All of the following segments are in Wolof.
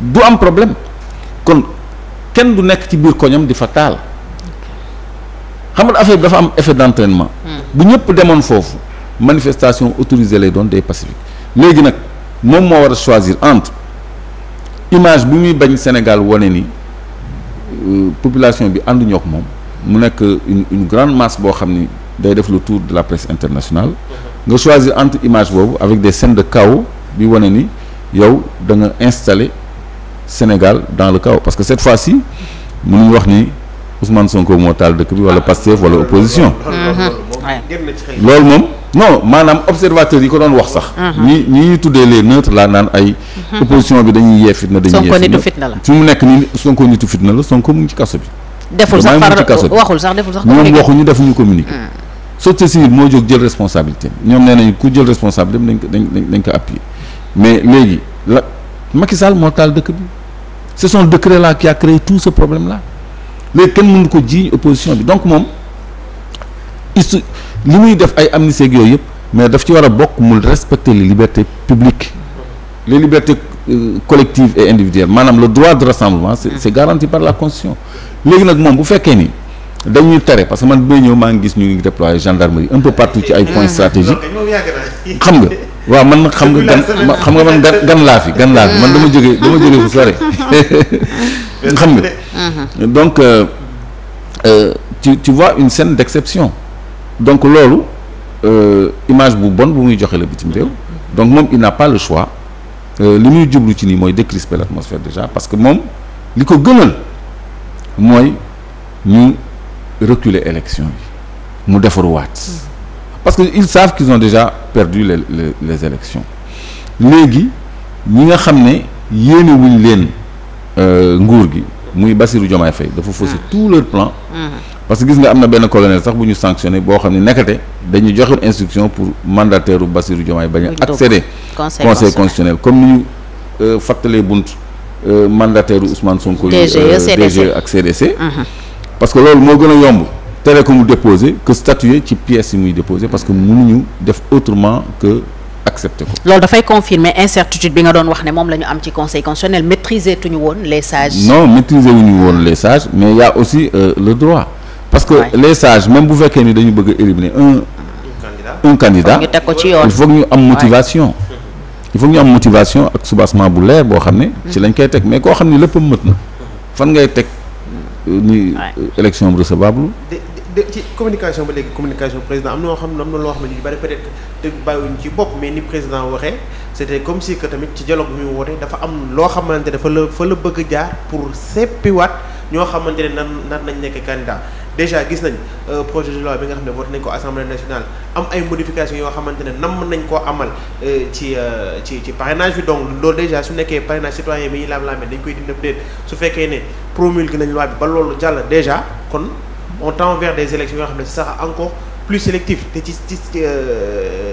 du am problème kon kenn du nekk ci biir koñam di fa taal xam nga affaire bi dafa am effet d'entraînement hmm. bu ñëpp demoon foofu manifestation autorisée lay doon des pacifique léegi nag moom moo war a choisir entre image bi muy bañ Sénégal wane ni euh, population bi ànduñoo ak moom mu nekk une grande masse boo xam ni day def le tour de la presse internationale hmm. nga choisir entre image boobu avec des scènes de chaos bi wane ni yow da nga installer Sénégal dans le chaos parce que cette fois-ci mënuñu wax ni Ousmane Sonko moo taal dëkk bi wala Pastef wala opposition. Mhm. loolu moom non maanaam yi ko doon wax sax. Mhm. ñi ñi ñuy tuddee les neutres mhm. bi dañuy yee fitna dañuy mu nekk nii Sonko nitu fitna la Sonko mu ngi ci kaso bi. deful sax far waxul sax deful sax ñoom waxuñu defuñu communiqué. Hmm. société civile moo jóg jël responsabilité ñoom nee nañu ku jël responsabilité ko dañ dañ ko appuyer mais léegi la Macky moo taal dëkk bi. c'est son décret là qui a créé tout ce problème là mais kenn mënu ko jiiñ opposition bi donc moom istu li muy def ay amnistie ak yooyu yëpp mais daf ci war a bokk mu respecter les libertés publiques les libertés euh, collectives et individuelles maanaam le droit de rassemblement c'est, garanti par la constitution léegi nag moom bu fekkee ni dañuy tere parce que man bi ñëw maa ngi gis ñu ngi déployer gendarmerie un peu partout ci ay points mm-hmm. stratégiques xam nga waaw man xam nga gan nga man gan gan laa fi gan laa fi man dama ah. jóge dama jóge fu sore xam nga uh-huh. donc euh, euh, tu tu une scène d'exception donc loolu euh, image bu bon bu muy joxe la bitim réew uh-huh. donc moom il n'a pas le choix euh, li muy jublu ci nii mooy décrisper l'atmosphère déjà parce que moom li ko gënal mooy ñu reculer élection yi mu defaruwaat uh-huh. parce que ils savent qu'ils ont déjà perdu les les, les élections léegi ñi nga xam ne yéene wuñ leen euh, nguur gi muy Bassirou Diomaye Faye dafa fausser ah. tout leur plan mmh. parce que gis nga am na benn colonel sax bu ñu sanctionné boo xam ne nekkate dañu joxe instruction pour mandataire u Bassirou Diomaye bañ a accéder conseil constitutionnel comme ni ñu euh, fàttalee bunt euh, mandataire u Ousmane Sonko yi DG e, e ak CDC mmh. parce que loolu moo gën a yomb tere ko mu déposer que statuer ci pièce yi muy déposer parce que ñu def autrement que accepter ko. loolu dafay confirmer incertitude bi nga doon wax ne moom la ñu am ci conseil constitutionnel maîtriser tuñu woon les sages. non maîtriser ñu woon les sages mais y aussi euh, le droit parce que ouais. les sages même bu fekkee ni dañu bëgg a éliminer un. un candidat teg ko ci yoon il faut ñu am motivation. il faut ñu am motivation ak soubassement bu leer boo xam ne. ci mm. lañ koy teg mais koo xam ne lépp mët na fan ngay teg. ni élection recevable. de ci communication ba léegi communication président am na loo xam ne am na loo xam ne ñu bari peut-être te bàyyiwuñ ci bopp mais ni président waxee c'était comme si que tamit ci dialogue bi mu woote dafa am loo xamante ne fa la fa la bëgg a jaar pour seppiwaat ñoo xamante ne nan nan nañ nekk candidat déjà gis nañ euh, projet de loi bi nga xam ne voté nañ ko assemblée nationale am ay modification yoo xamante ne nam nañ koo amal euh, ci euh, ci ci parrainage bi donc loolu déjà su nekkee parrainage citoyen bi ñuy laam dañ koy dindi déet su fekkee ne promulgué nañ loi bi ba loolu jàll déjà kon on tend vers des élections yoo xam ne sax encore plus sélectif te ci ci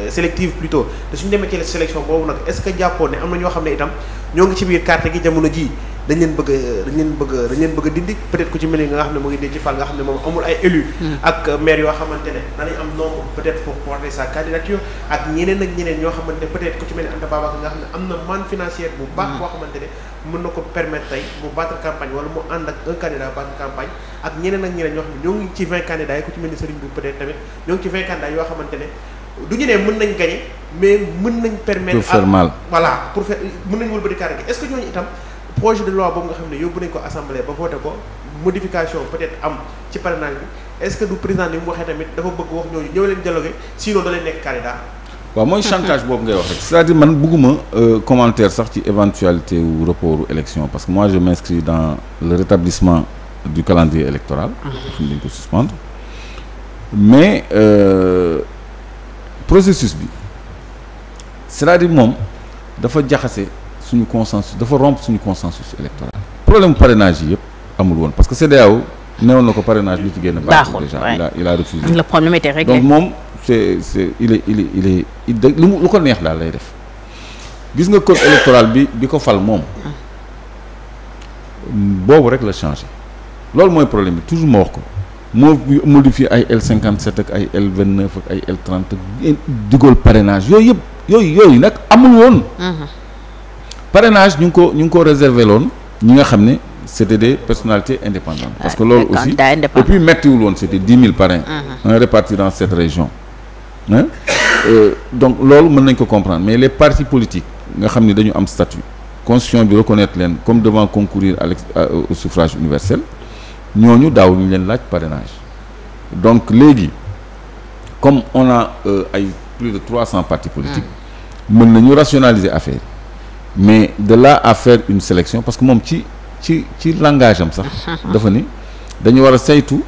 sélective plutôt te suñu demee ci sélection boobu nag est-ce que jàppoo ne am na ñoo xam ne itam ñoo ngi ci biir carte gi jamono jii dañ leen bëgg a dañ leen bëgg a a dindi peut-être ci mel nga xam ne mu ngi dee ci fal nga ne moom amul ay élu hmm. ak maire yoo xamante ne danañ am nombre peut-être ñeneen ak xamante ne peut-être ku ci mel ni Anta Babacar nga xam ne am na manne financière bu baax hmm. boo xamante ne mën na ko permettre tey mu battre campagne wala mu ànd ak un candidat battre campagne ak ñeneen ak ñeneen ñoo xam ne ñoo ngi ci vingt candidats yi ku ci mel ni Serigne Boubou peut tamit ñoo ngi ci vingt candidats yoo xamante ne du ñu ne mën nañ gagner mais mën nañ permettre pour faire mal voilà pour faire itam projet de loi boobu nga xam ne yóbbu nañ ko assemblée ba voté ko modification peut-être am ci parrainage bi est-ce que du président ni mu waxee tamit dafa bëgg wax ñooñu ñëw leen dialogué sinon da leen nekk candidat waaw mooy chantage boobu ngay wax rek c'est-à-dire man bëgguma euh, commentaire sax ci éventualité wu report élection parce que moi je m'inscris dans le rétablissement du calendrier électoral fi mu dañ ko suspendre mais euh, processus bi c'est-à-dire dafa jaxase suñu consensus dafa rompre suñu consensus électoral problème parrainage yi yëpp amul woon parce que CEDEAO newoon na ko parrainage lu ci génn baaxul déjà il a il a refusé le problème était moom c'est c'est il est il est il est il da lu lu ko neex daal lay def gis nga code électoral bi bi ko fal moom boobu la changé loolu mooy problème bi toujours ma ko moo modifié ay L cinquante ak ay L vingt neuf ak dugal parrainage yooyu yëpp yooyu yooyu nag amul woon mm-hmm. parrainage ñu ngi ko ñu ngi ko réservé loon ñi nga xam ne c'était des personnalités indépendantes parce que loolu aussi et puis méttiwul woon c'était dix mille parrains mm-hmm. un réparti dans euh, donc loolu mën nañ ko comprendre mais les parti politiques nga xam ni dañu am statut constitution bi reconnaître leen comme devant concourir à au suffrage universel ñu daaw ñu leen laaj parrainage donc léegi comme on a euh, ay plus de trois cents partis politiques mm. mën nañu rationaliser affaire mais de la affaire faire une sélection parce que moom ci ci ci langage am sax dafa ni dañu war a saytu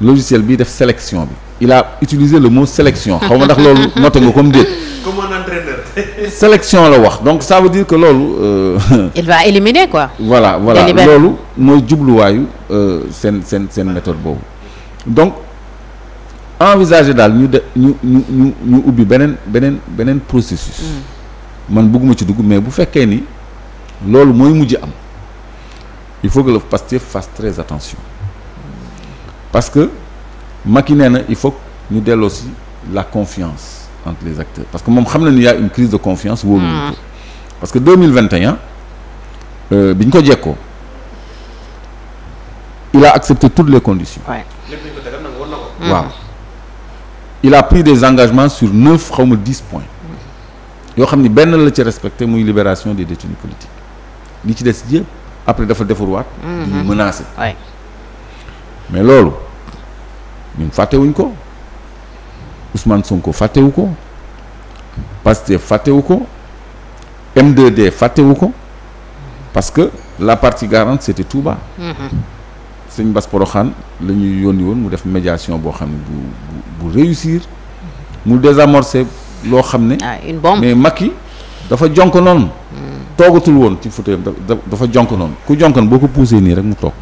logiciel bi def sélection bi il a utilisé le mot sélection xaw ma ndax loolu noté nga ko déet comme sélection la wax donc ça veut dire que loolu euh, il va éliminer quoi voilà voilà loolu mooy jubluwaayu euh, seen seen seen méthode boobu donc envisager daal ñu de ñu ñu ñu ubbi beneen beneen beneen processus mm. man bëgguma ci dugg mais bu fekkee ni loolu mooy mujj am il faut que le Pastef fas très attention parce que Macky nee na il faut ñu delloo si la confiance entre les acteurs parce que moom xam na ni y a une crise de confiance wóoluñu ko ah. parce que 2021 euh, bi ñu ko jekkoo il a accepté toutes les conditions ouais. waaw il a pris des engagements sur neuf xaw ma dix points yoo xam ni benn la ci respecté muy libération des détenus politiques li ci des yëpp après dafa defarwaat. di ñu mm-hmm. menacer. mais loolu ñun fàttewuñ ko Ousmane ko fàttewu ko Pastef fàttewu ko M2D fàttewu ko parce que la partie garante c'était Touba. Mm-hmm. sëñ Bass Porokhane la ñuy yónni woon mu def médiation boo xam ne bu bu réussir mm-hmm. mu désamorcer. loo xam ne. Ah, une bombe mais Macky dafa jonk noonu. toogatul woon ci fauteuil dafa jonk noonu ku jonkoon boo ko poussé nii rek mu toog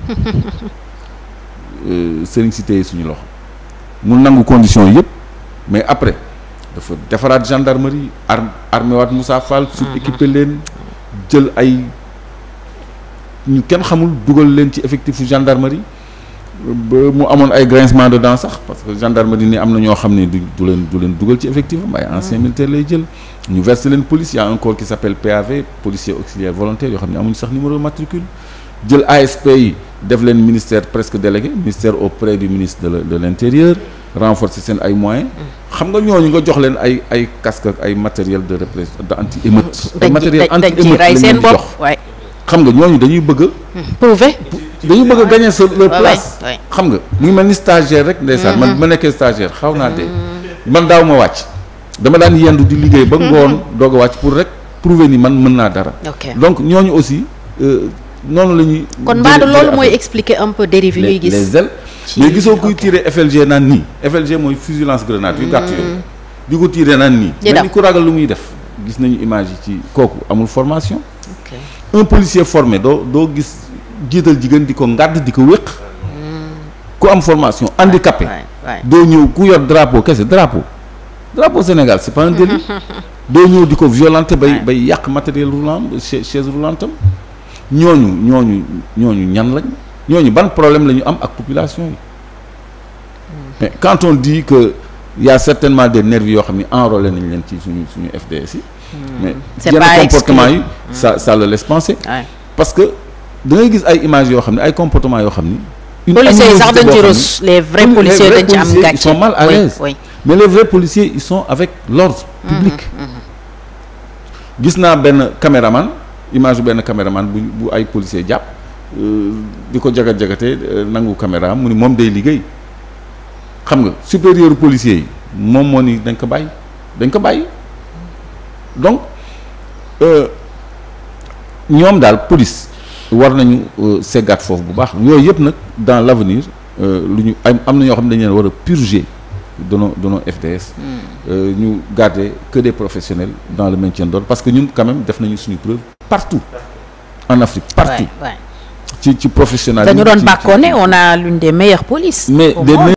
sëriñ euh, si téye suñu loxo mu nangu condition yëpp mais après dafa defaraat gendarmerie arme armé waat Moussa Fall. Mm-hmm. sous leen jël ay ñu kenn xamul dugal leen ci effectifu gendarmerie. ba mu amoon ay grincement de dents sax parce que gendarmerie ni am na ñoo xam ne du du leen du leen dugal ci effectivement ay anciens hmm. militaires lay jël ñu verse leen police y a un corps qui s'appelle PAV policier auxiliaire volontaire yoo xam ne amuñu sax numéro matricule jël ASP yi def leen ministère presque délégué ministère auprès du ministre de l'intérieur renforcer seen ay moyens hmm. xam nga ñooñu nga jox leen ay ay casque ay matériel de répression de anti émeute xam nga ñooñu dañuy bëgg prouver dañu bëgg a gagner sa leur place xam nga mu ngi mel ni stagiaire rek ndeysaan man mm-hmm. ma nekkee stagiaire xaw naa dee mm-hmm. man daaw ma wàcc dama daan yendu di liggéey ba ngoon mm-hmm. doog wàcc pour rek prouver ni man mën naa dara donc ñooñu aussi euh, noonu la ñuy kon mbaadu loolu mooy expliquer un peu dérive yi gis mais gisoo kuy tiré FLG naan nii FLG mooy fusil lance-grenade yu gàtt yooyu di ko tiré naan nii mais ni ku ragal lu muy def gis nañu image ci kooku amul formation un policier formé doo doo gis jiital jigéen di ko ngàdd di ko wéq ku am formation handicapé doo ñëw ku yor drapeau kese drapeau drapeau Sénégal c'est pas un doo ñëw di ko violenté bay bay yàq matériel roulant chaise roulante am ñooñu ñooñu ñooñu ñan lañ ñooñu ban problème la ñu am ak population yi mm. mais quand on yaa que certainement des nervis yoo xam ni enrôlé nañ leen ci suñu suñu FDS yi mm. mais yenn comportement yi ça ça le laisse parce que da gis ay image yoo xam ne ay comportements yoo xam ni. une policiers yi sax dañ ci rus les vrais policiers dañ ci am gàcce mal à mais les vrais policiers ils sont avec l'ordre public. gis naa benn caméraman image bu benn caméraman bu bu ay policier jàpp euh, di ko jagat jagatee euh, nangu caméra mu ni moom day liggéey xam nga supérieur policier yi moom moo ni dañ ko bàyyi dañ ko bàyyi donc. Euh, ñoom daal police war nañu euh, seggaat foofu bu baax yooyu yëpp nag dans l' avenir euh, lu ñu am na ñoo xam ne dañu leen war a purger de nos de FDS. Hmm. Euh, ñu garder que des professionnels dans le maintien d'ordre parce que ñun quand même def suñu preuve partout en Afrique partout. ci ci dañu doon bàkkoone on a l'une des meilleures polices.